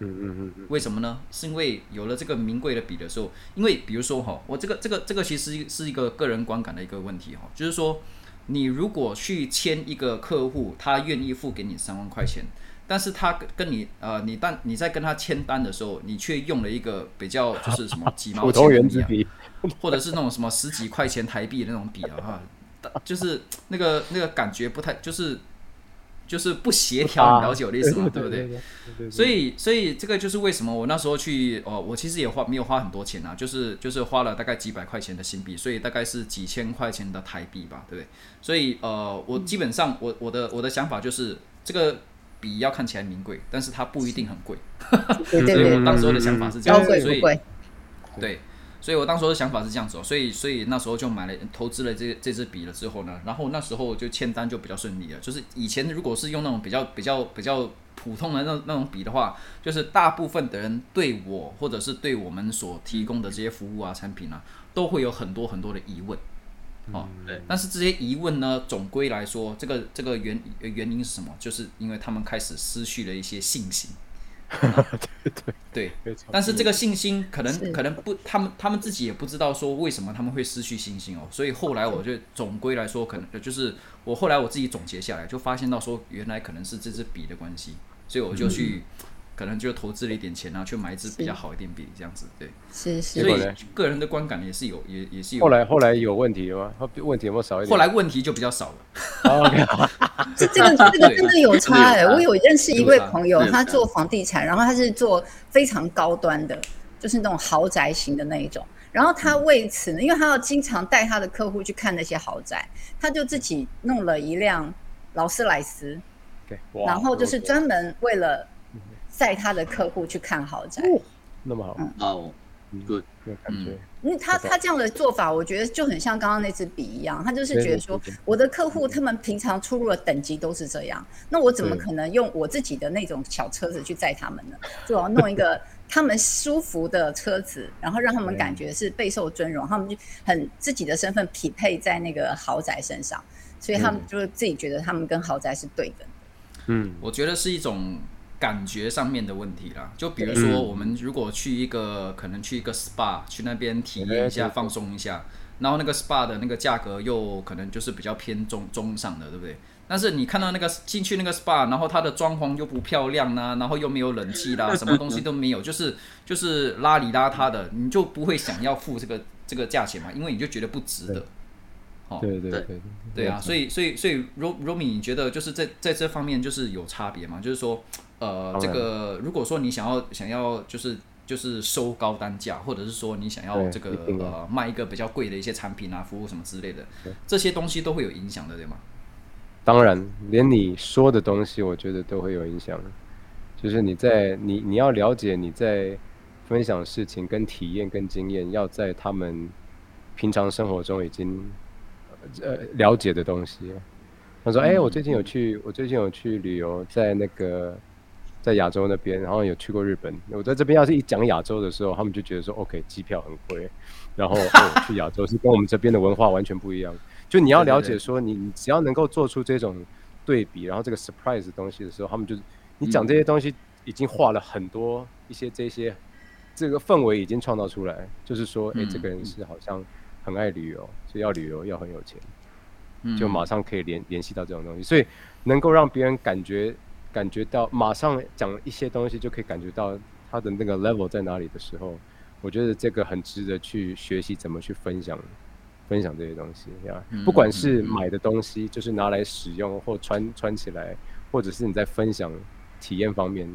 A: 嗯、為什麼呢？是因為有了這個名貴的筆的時候，因為比如說哈，我這個這個這個其實是一個個人觀感的一個問題哈，就是說你如果去簽一個客戶，他願意付給你三萬塊錢，但是他跟你呃，你但你在跟他簽單的時候，你卻用了一個比較就是什麼幾毛錢的筆啊，或者是那種什麼十幾塊錢台幣的那種筆啊哈，就是那個那個感覺不太就是。就是不協調，你了解我的意思嗎？對不對，對？ *laughs* 所以，所以這個就是為什麼我那時候去哦、呃，我其實也花沒有花很多錢啊，就是就是花了大概幾百塊錢的新幣，所以大概是幾千塊錢的台幣吧，對不對？所以呃，我基本上我我的我的想法就是，這個筆要看起來名貴，但是它不一定很貴。 *laughs* 對對，對 *laughs* 所以我當時我的想法是這樣的嗯嗯嗯，所以對。所以，我當時的想法是這樣子哦，所以，所以那時候就買了，投資了這這支筆了之後呢，然後那時候就簽單就比較順利了。就是以前如果是用那種比較比較比較普通的那那種筆的話，就是大部分的人對我或者是對我們所提供的這些服務啊、產品啊，都會有很多很多的疑問。哦，嗯，對。但是這些疑問呢，總歸來說，這個這個原原因是什麼？就是因為他們開始失去了一些信心。 *laughs* 對對對，但是這個信心可能可能不，他們他們自己也不知道說為什麼他們會失去信心哦，所以後來我就總歸來說，可能就是我後來我自己總結下來，就發現到說原來可能是這支筆的關係，所以我就去，嗯。可能就投資了一點錢然後、啊、去買一支比較好一點筆，這樣子對。是是，是。所以個人的觀感也是有，也也是有。後來後來
D: 有問題有嗎？問題有沒有少一點？
A: 後來問題就比較少了。
D: 這
A: *laughs* oh, okay, 好 *laughs* 這個這個真的有差哎、欸就是！我有認識一位朋友，他做
B: 房地產，然後他是做非常高端的，就是那種豪宅型的那一種。然後他為此呢、嗯，因為他要經常帶他的客戶去看那些豪宅，他就自己弄了一輛勞斯萊斯。對、
D: okay,，然後就
B: 是專門為了。帶他的客戶去看豪宅、哦，那
D: 麼
C: 好，嗯，哦、oh,，good，good、
B: 嗯。嗯，他、okay. 他這樣的做法，我覺得就很像剛剛那支筆一樣，他就是覺得說，我的客戶他們平常出入的等級都是這樣，那我怎麼可能用我自己的那種小車子去載他們呢？對、嗯、要弄一個他們舒服的車子， *laughs* 然後讓他們感覺是備受尊榮，okay. 他們就很自己的身份匹配在那個豪宅身上，所以他們就自己覺得他們跟豪宅是對等的。嗯。
D: 嗯，
A: 我覺得是一種。感覺上面的問題啦，就比如說，我們如果去一個 *coughs* 可能去一個 SPA，去那邊體驗一下 *coughs* 放鬆一下，然後那個 SPA 的那個價格又可能就是比較偏中中上的，對不對？但是你看到那個進去那個 SPA，然後它的裝潢又不漂亮呢、啊，然後又沒有冷氣啦、啊，什麼東西都沒有， *coughs* 就是就是邋裡邋遢的，你就不會想要付這個這個價錢嘛？因為你就覺得不值得。
D: 好、哦啊，對對對，對啊，
A: 所以所以所以，Romy，你覺得就是在在這方面就是有差別嗎？就是說。呃，這個如果說你想要想要就是就是收高單價，或者是說你想要這個呃賣一個比較貴的一些產品啊、服務什麼之類的，這些東西都會有影響的，對嗎？
D: 當然，連你說的東西，我覺得都會有影響。就是你在你你要了解你在分享事情、跟體驗、跟經驗，要在他們平常生活中已經呃了解的東西。他說：“哎、嗯欸，我最近有去，我最近有去旅遊，在那個。”在亞洲那邊，然後有去過日本。我在這邊要是一講亞洲的時候，他們就覺得說，OK，機票很貴，然後、哦、去亞洲是跟我們這邊的文化完全不一樣。 *laughs* 就你要了解說你，你只要能夠做出這種對比，然後這個 surprise 東西的時候，他們就你講這些東西已經畫了很多一些這些這個氛圍已經創造出來，就是說，誒、欸，這個人是好像很愛旅遊，所以要旅遊要很有錢，就馬上可以聯聯繫到這種東西，所以能夠讓別人感覺。感覺到馬上講一些東西就可以感覺到他的那個 level 在哪裡的時候，我覺得這個很值得去學習怎麼去分享，分享這些東西，嗯、不管是買的東西，嗯、就是拿來使用或穿穿起來，或者是你在分享體驗方面，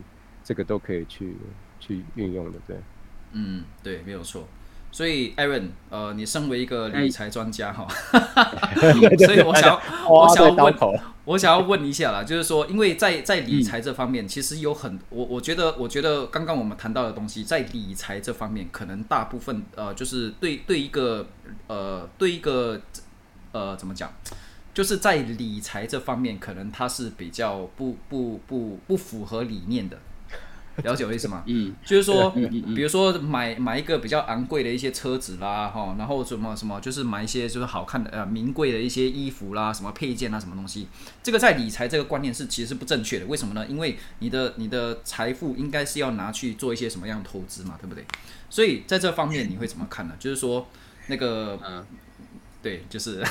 D: 這個都可以去去運用的，對。嗯，
A: 對，沒有錯。所以，Aaron，呃，你身為一個理財專家哈，嗯、呵呵 *laughs* 所
B: 以我想， *laughs* 我想問，
A: 我想要問一下啦，就是說，因為在在理財這方面，嗯、其實有很，我我覺得，我覺得剛剛我們談到的東西，在理財這方面，可能大部分呃，就是對對一個呃，對一個呃，怎麼講，就是在理財這方面，可能它是比較不不不不符合理念的。了解我意思嗎？嗯， *noise* 就是說，比如說買買一個比較昂貴的一些車子啦，哈，然後什麼什麼，就是買一些就是好看的呃名貴的一些衣服啦，什麼配件啊，什麼東西，這個在理財這個觀念是其實是不正確的。為什麼呢？因為你的你的財富應該是要拿去做一些什麼樣的投資嘛，對不對？所以在這方面你會怎麼看呢？ *laughs* 就是說那個。啊對，就是
C: *laughs*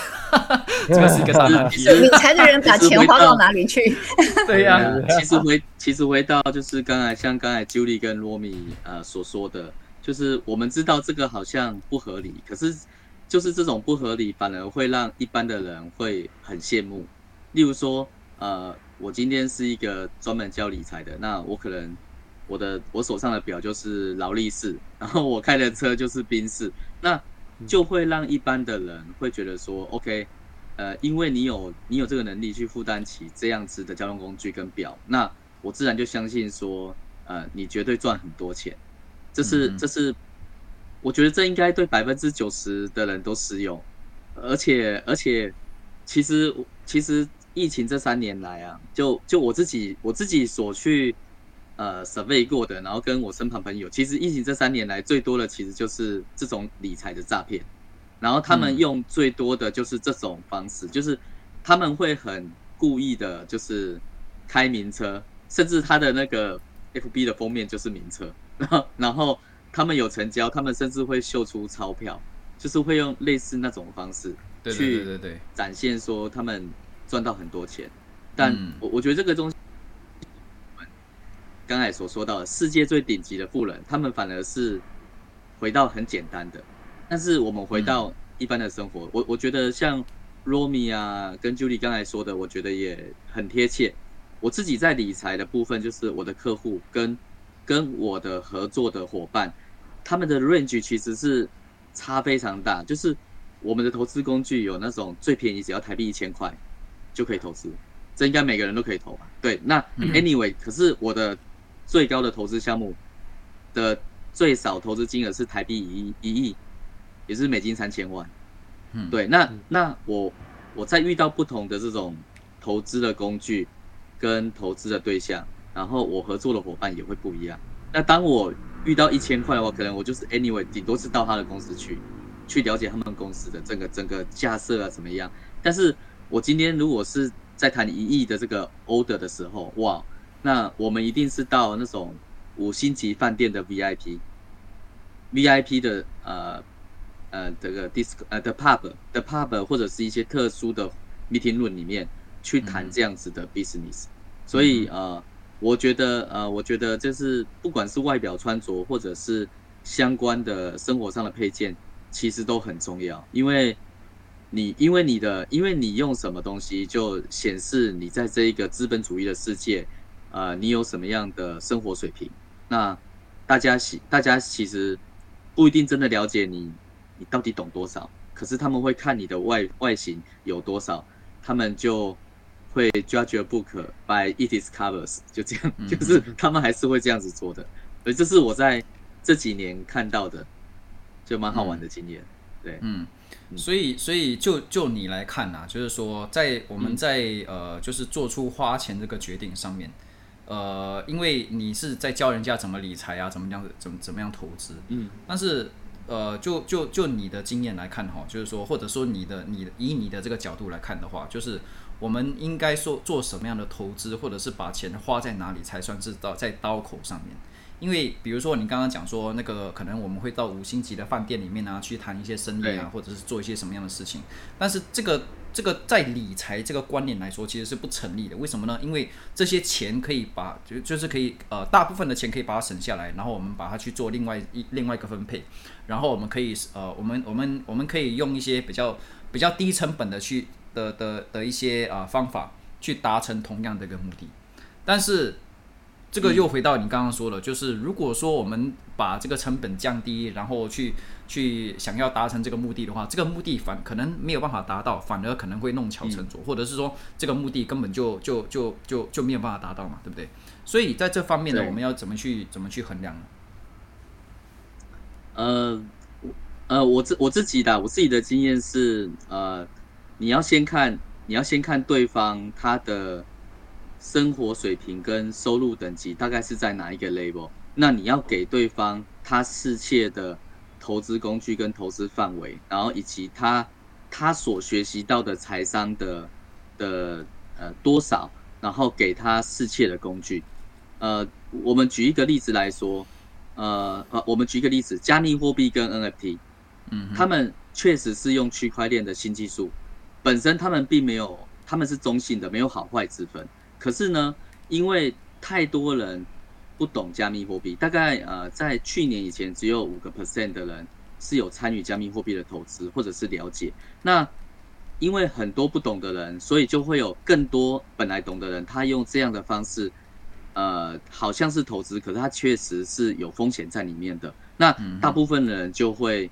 C: 這個是一個什麼？就 *laughs* 是理財
B: 的人把錢花到哪裡去？ *laughs* 對
C: 呀、啊。其實回其實回到就是剛才像剛才 Julie 跟 Romy 呃所說的，就是我們知道這個好像不合理，可是就是這種不合理反而會讓一般的人會很羨慕。例如說，呃，我今天是一個專門教理財的，那我可能我的我手上的表就是勞力士，然後我開的車就是賓士，那。就會讓一般的人會覺得說，OK，呃，因為你有你有這個能力去負擔起這樣子的交通工具跟表，那我自然就相信說，呃，你絕對賺很多錢。這是這是，我覺得這應該對百分之九十的人都適用。而且而且，其實其實疫情這三年來啊，就就我自己我自己所去。呃，survey 過的，然後跟我身旁朋友，其實疫情這三年來最多的其實就是這種理財的詐騙，然後他們用最多的就是這種方式，嗯、就是他們會很故意的，就是開名車，甚至他的那個 FB 的封面就是名車，然後然後他們有成交，他們甚至會秀出鈔票，就是會用類似那種方式去對對對展現說他們賺到很多錢，對對對對對，但我我覺得這個東西、嗯。剛才所說到的世界最頂級的富人，他們反而是回到很簡單的。但是我們回到一般的生活，嗯、我我覺得像 Romy 啊跟 Julie 剛才說的，我覺得也很貼切。我自己在理財的部分，就是我的客戶跟跟我的合作的夥伴，他們的 range 其實是差非常大。就是我們的投資工具有那種最便宜只要台幣一千塊就可以投資，這應該每個人都可以投吧？對。那 anyway，、嗯、可是我的。最高的投資項目的最少投資金額是台幣一億一億，也是美金三千萬。嗯，對，那那我我在遇到不同的這種投資的工具，跟投資的對象，然後我合作的伙伴也會不一樣。那當我遇到一千塊的話，可能我就是 anyway，頂多是到他的公司去，去了解他們公司的整個整個架設啊怎麼樣。但是我今天如果是在談一億的這個 order 的時候，哇！那我們一定是到那種五星級飯店的 VIP，VIP 的呃呃這個 disc 呃 the pub the pub 或者是一些特殊的 meeting room 裡面去談這樣子的 business。嗯、所以呃，我覺得呃，我覺得就是不管是外表穿着或者是相關的生活上的配件，其實都很重要，因為你因為你的因為你用什麼東西就顯示你在這一個資本主義的世界。呃，你有什麼樣的生活水平？那大家其大家其實不一定真的了解你，你到底懂多少？可是他們會看你的外外形有多少，他們就會 judge a book by its covers，就這樣嗯嗯，就是他們還是會這樣子做的。所以這是我在這幾年看到的，就蠻好玩的經驗、嗯。對，
A: 嗯，所以所以就就你來看吶、啊，就是說在我們在、嗯、呃，就是做出花錢這個決定上面。呃，因為你是在教人家怎麼理財啊，怎麼樣子，怎麼怎麼樣投資。嗯。但是，呃，就就就你的經驗來看哈，就是說，或者說你的你以你的這個角度來看的話，就是我們應該說做什麼樣的投資，或者是把錢花在哪裡才算是到在刀口上面？因為比如說你剛剛講說那個，可能我們會到五星級的飯店裡面啊，去談一些生意啊、欸，或者是做一些什麼樣的事情，但是這個。這個在理財這個觀念來說，其實是不成立的。為什麼呢？因為這些錢可以把，就就是可以，呃，大部分的錢可以把它省下來，然後我們把它去做另外一另外一個分配，然後我們可以，呃，我們我們我們可以用一些比較比較低成本的去的的的一些啊，呃，方法去達成同樣的一個目的，但是。這個又回到你剛剛說的，嗯，就是如果說我們把這個成本降低，然後去去想要達成這個目的的話，這個目的反可能沒有辦法達到，反而可能會弄巧成拙，嗯，或者是說這個目的根本就就就就就沒有辦法達到嘛，對不對？所以在這方面呢，我們要怎麼去怎麼去衡量呢？呃，
C: 呃我自我，我自己的我自己的經驗是呃，你要先看你要先看對方他的。生活水平跟收入等級大概是在哪一個 level？那你要給對方他適切的投資工具跟投資範圍，然後以及他他所學習到的財商的的呃多少，然後給他適切的工具。呃，我們舉一個例子來說，呃，呃、啊，我們舉一個例子，加密貨幣跟 NFT，嗯，他們確實是用區塊鏈的新技術，本身他們並沒有，他們是中性的，沒有好壞之分。可是呢，因為太多人不懂加密貨幣，大概呃在去年以前，只有五個 percent 的人是有參與加密貨幣的投資或者是了解。那因為很多不懂的人，所以就會有更多本來懂的人，他用這樣的方式，呃，好像是投資，可是他確實是有風險在裡面的。那大部分的人就會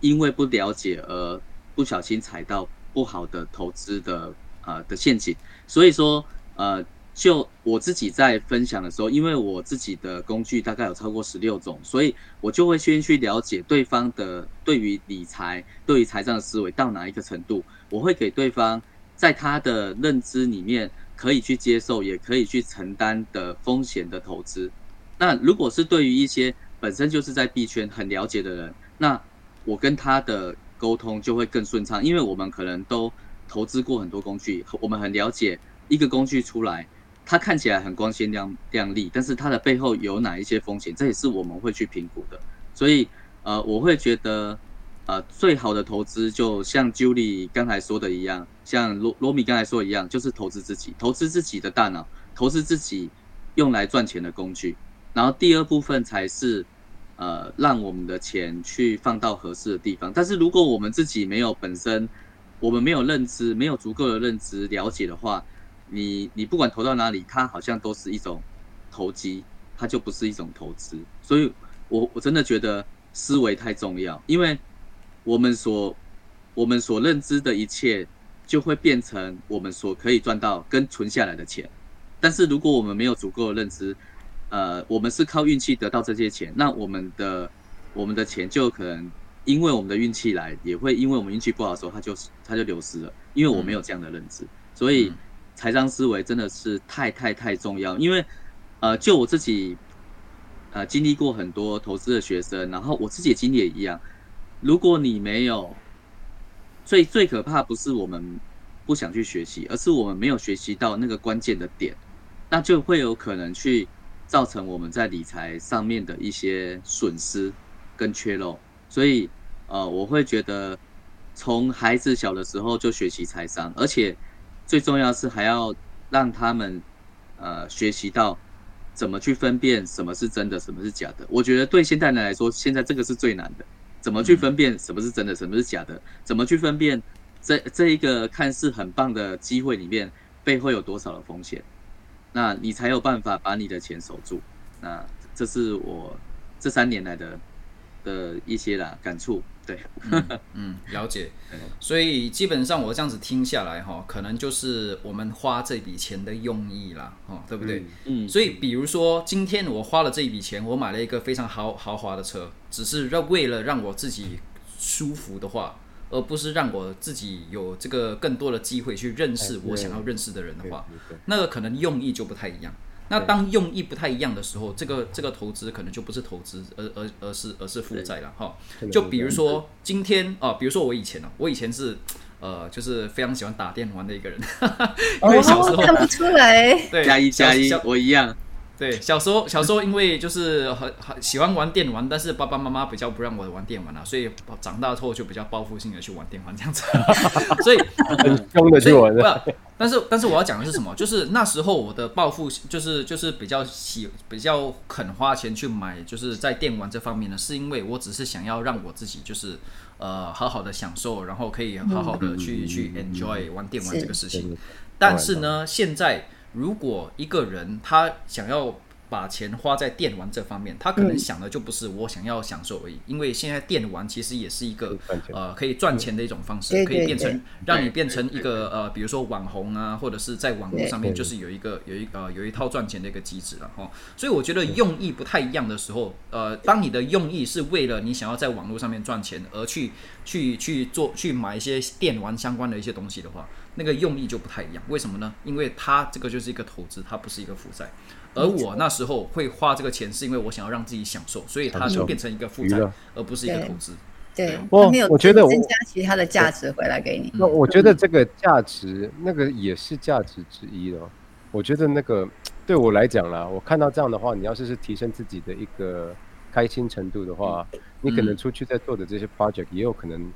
C: 因為不了解而不小心踩到不好的投資的呃的陷阱，所以說。呃，就我自己在分享的時候，因為我自己的工具大概有超過十六種，所以我就會先去了解對方的對於理財、對於財商的思維到哪一個程度，我會給對方在他的認知裡面可以去接受，也可以去承擔的風險的投資。那如果是對於一些本身就是在幣圈很了解的人，那我跟他的溝通就會更順暢，因為我們可能都投資過很多工具，我們很了解。一個工具出來，它看起來很光鮮亮亮麗，但是它的背後有哪一些風險？這也是我們會去評估的。所以，呃，我會覺得，呃，最好的投資就像 Julie 剛才說的一樣，像羅羅米剛才說的一樣，就是投資自己，投資自己的大腦，投資自己用來賺錢的工具。然後第二部分才是，呃，讓我們的錢去放到合適的地方。但是如果我們自己沒有本身，我們沒有認知，沒有足夠的認知了解的話，你你不管投到哪裡，它好像都是一種投機，它就不是一種投資。所以我，我我真的覺得思維太重要，因為我們所我們所認知的一切，就會變成我們所可以賺到跟存下來的錢。但是如果我們沒有足夠的認知，呃，我們是靠運氣得到這些錢，那我們的我們的錢就可能因為我們的運氣來，也會因為我們運氣不好的時候，它就它就流失了。因為我沒有這樣的認知，嗯、所以。嗯財商思維真的是太太太重要，因為，呃，就我自己，呃，經歷過很多投資的學生，然後我自己也經歷也一樣。如果你沒有，所以最可怕不是我們不想去學習，而是我們沒有學習到那個關鍵的點，那就會有可能去造成我們在理財上面的一些損失跟缺漏。所以，呃，我會覺得從孩子小的時候就學習財商，而且。最重要是還要讓他們，呃，學習到怎麼去分辨什麼是真的，什麼是假的。我覺得對現代人來說，現在這個是最難的，怎麼去分辨什麼是真的，嗯、什麼是假的，怎麼去分辨這這一個看似很棒的機會裡面背後有多少的風險，那你才有辦法把你的錢守住。那這是我這三年來的的一些啦感觸，對 *laughs* 嗯，嗯，了解，所以基本上我這
A: 樣子聽下來哈，可能就是我們花這筆錢的用意啦，對不對？嗯，嗯，所以比如說、嗯、今天我花了這筆錢，我買了一個非常豪豪華的車，只是讓為了讓我自己舒服的話，而不是讓我自己有這個更多的機會去認識我想要認識的人的話，那個可能用意就不太一樣。那當用意不太一樣的時候，這個這個投資可能就不是投資，而而而是而是負債了哈。就比如說今天啊、呃，比如說我以前啊，我以前是呃，就是非常喜歡打電玩的一個人，
B: *laughs* 因為小時候、哦、看不出來，對，加一
A: 加一，我一樣。對，小時候小時候因為就是很很喜歡玩電玩，但是爸爸媽媽比較不讓我玩電玩啊，所以長大之後就比較報復性的去玩電玩這樣子， *laughs* 所
D: 以， *laughs* 所以 *laughs* 呃、但是
A: 但是我要講的是什麼？就是那時候我的報復就是就是比較喜比較肯花錢去買，就是在電玩這方面呢，是因為我只是想要讓我自己就是呃好好的享受，然後可以好好的去、嗯、去 enjoy 玩電玩這個事情，是嗯、但是呢，嗯、現在。如果一個人他想要把錢花在電玩這方面，他可能想的就不是我想要享受而已。嗯、因為現在電玩其實也是一個可呃可以賺錢的一種方式，對對對對可以變成讓你變成一個呃，比如說網紅啊，或者是在網絡上面就是有一個對對有一個呃有一套賺錢的一個機制了哈。所以我覺得用意不太一樣的時候，呃，當你的用意是為了你想要在網絡上面賺錢而去去去做去買一些電玩相關的一些東西的話。那個用意就不太一樣，為什麼呢？因為它這個就是一個投資，它不是一個負債。而我那時候會花這個錢，是因為我想要讓自己享受，所以它就變成一個負債，而不是一個投資、嗯
B: 啊。對，我、哦、沒有，我覺得我增加其他的價值回來給你。那我覺得
D: 這個價值、嗯，那個也是價值之一的哦。我覺得那個對我來講啦，我看到這樣的話，你要是是提升自己的一個開心程度的話，嗯、你可能出去在做的這些 project 也有可能，嗯、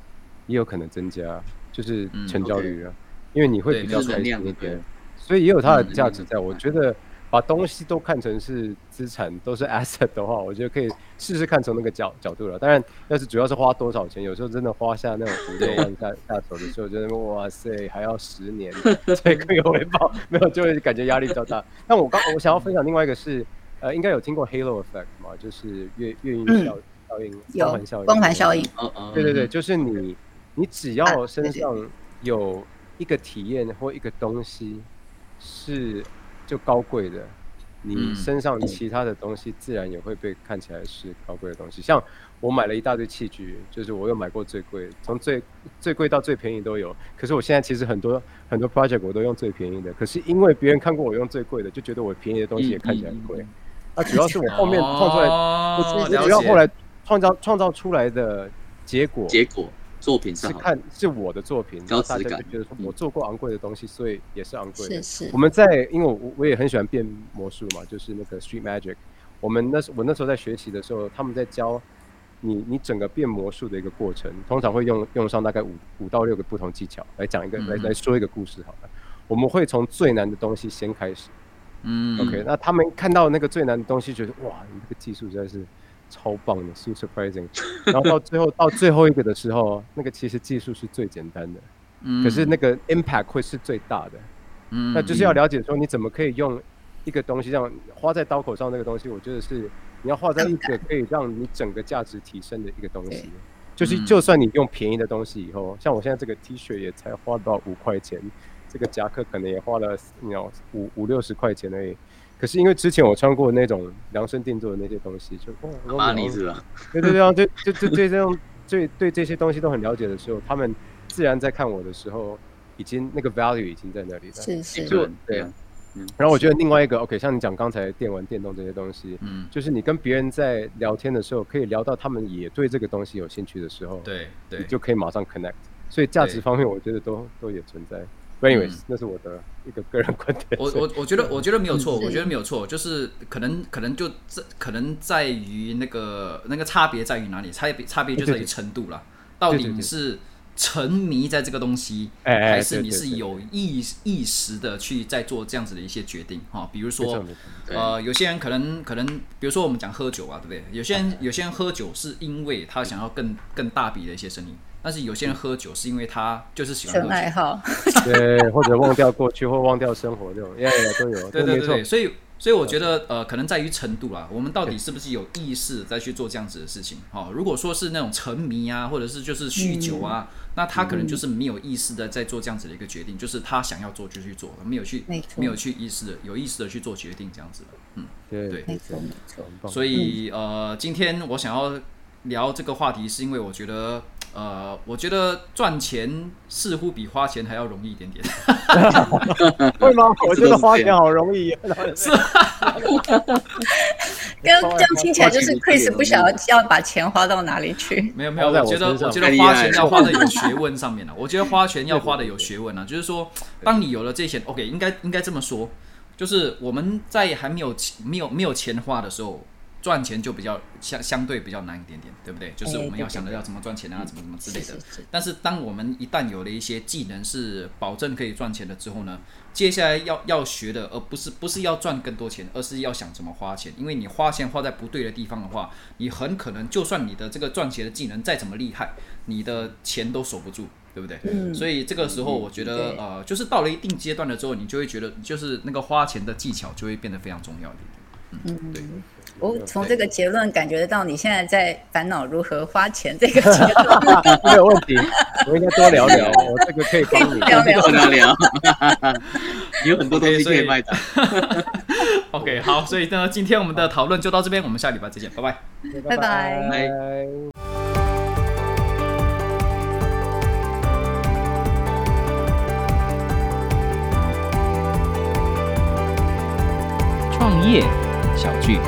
D: 也有可能增加，就是成交率啊。嗯 okay. 因為你會比較開心，對，的對，所以也有它的價值在、嗯。我覺得把東西都看成是資產、嗯，都是 asset 的話，我覺得可以試試看從那個角角度了。當然，要是主要是花多少錢，有時候真的花下那種很多花下下，下手的時候，覺得哇塞，還要十年才更有回報， *laughs* 沒有，就會感覺壓力比較大。但我剛我想要分享另外一個是，呃，應該有聽過 Halo Effect 嘛，就是月月暈、嗯、效效應，光環效應。光環效應。對對對，嗯、就是你你只要身上有。啊對對對，一個體驗或一個東西是就高貴的，你身上其他的東西自然也會被看起來是高貴的東西。像我買了一大堆器具，就是我又買過最貴，從最最貴到最便宜都有。可是我現在其實很多很多 project 我都用最便宜的，可是因為別人看過我用最貴的，就覺得我便宜的東西也看起來
C: 貴。那主要是我後面創出來，主要後來
D: 創造創造出來的
C: 結果。作品是，是看是我的作品，然後大家就覺得
D: 說我做過昂貴的東西、嗯，所以也是昂貴的。我們在，因為我我也很喜歡變魔術嘛，就是那個 street magic。我們那時我那時候在學習的時候，他們在教你你整個變魔術的一個過程，通常會用用上大概五五到六個不同技巧來講一個來、嗯、來說一個故事。好了，我們會從最難的東西先開始。
A: 嗯。OK，
D: 那他們看到那個最難的東西，覺得哇，你這個技術真的是。超棒的，super surprising。 *laughs* 然後到最後， *laughs* 到最後一個的時候，那個其實技術是最簡單的，嗯、可是那個 impact 會是最大的。嗯，那就是要了解說，你怎麼可以用一個東西，這樣花在刀口上那個東西，我覺得是你要花在一個可以讓你整個價值提升的一個東西。嗯、就是就算你用便宜的東西以後，像我現在這個 T 恤也才花到五塊錢，這個夾克可能也花了五五六十塊錢而已。可是因為之前我穿過那種量身定做的那些東西，就馬尼子啊，對對對、啊，就就對這種對對這些東西都很了解的時候， *laughs* 他們自然在看我的時候，已經那個 value 已經在那裡了，是是，對嗯，嗯。然後我覺得另外一個 OK，像你講剛才電玩、電動這些東西，嗯，就是你跟別人在聊天的時候，可以聊到他們也對這個東西有興趣的時候，對對，你就可以馬上 connect。所以價值方面，我覺得都都也存在。But anyways，嗯，那是我的一個個人觀點。我我我覺得我覺得沒有錯，我覺得
A: 沒有錯，有錯就是可能可能就在可能在於那個那個差別在於哪裡？差別差別就在於程度了，到底你是沉迷在這個東西，還是你是有意意識的去在做這樣子的一些決定？哈，比如說，
C: 呃，
A: 有些人可能可能，比如說我們講喝酒啊，對不對？有些人，Okay. 有些人喝酒是因為他想要更更大筆的一些生意。但是有些人喝酒是因為他就是喜歡喝，愛、嗯、
B: 好對，
D: 或者忘掉過去，或忘掉生活這種，yeah, yeah, *laughs* 都有。對對對，對，
B: 對，對，所
A: 以所以我覺得、嗯、呃，可能在於程度啦。我們到底是不是有意識在去做這樣子的事情？好，如果說是那種沉迷啊，或者是就是酗酒啊、嗯，那他可能就是沒有意識的在做這樣子的一個決定，嗯、就是他想要做就去做了，沒有去沒，沒有去意識的有意識的去做決定這樣子的。嗯，
C: 對對沒，所以
A: 呃，今天我想要聊這個話題，是因為我覺得。呃，我覺得賺錢似乎比花錢還要容易一點點， *laughs* *laughs* 會嗎？我覺得花錢好容易，啊， *laughs* 是，
B: 啊 *laughs* 跟，這樣聽起來就是 Chris 不曉得要把錢花到哪裡
C: 去。沒有沒有，我覺得在我身上。我覺得花錢要花在有學問
A: 上面了。 *laughs* *laughs* *laughs* 我覺得花錢要花的有學問啊， *laughs* 就是說，當你有了這些，OK，應該應該這麼說，就是我們在還沒有沒有沒有錢花的時候。賺錢就比較相相對比較難一點點，對不對？欸、就是我們要想的要怎麼賺錢啊，怎麼怎麼之類的。是是是，但是當我們一旦有了一些技能是保證可以賺錢的之後呢，接下來要要學的，而不是不是要賺更多錢，而是要想怎麼花錢。因為你花錢花在不對的地方的話，你很可能就算你的這個賺錢的技能再怎麼厲害，你的錢都守不住，對不對？嗯、所以這個時候我覺得、嗯、呃，就是到了一定階段了之後，你就會覺得就是那個花錢的技巧就會變得非常重要一點。嗯，嗯對。
B: 我、哦、從這個結論感覺得到，你現在在煩惱如何花錢這個結論。 *laughs* 沒有問題， *laughs* 我應該多聊聊， *laughs* 我這個可以跟你
C: 多聊 *laughs* 聊，
D: *laughs* 有很多東西可以賣的。 *laughs* OK， *laughs*
A: 好，所以呢，今天我們的討論就到這邊，我們下禮拜再見，拜拜，
C: 拜、okay, 拜，bye bye bye. 創 Yeah 小聚。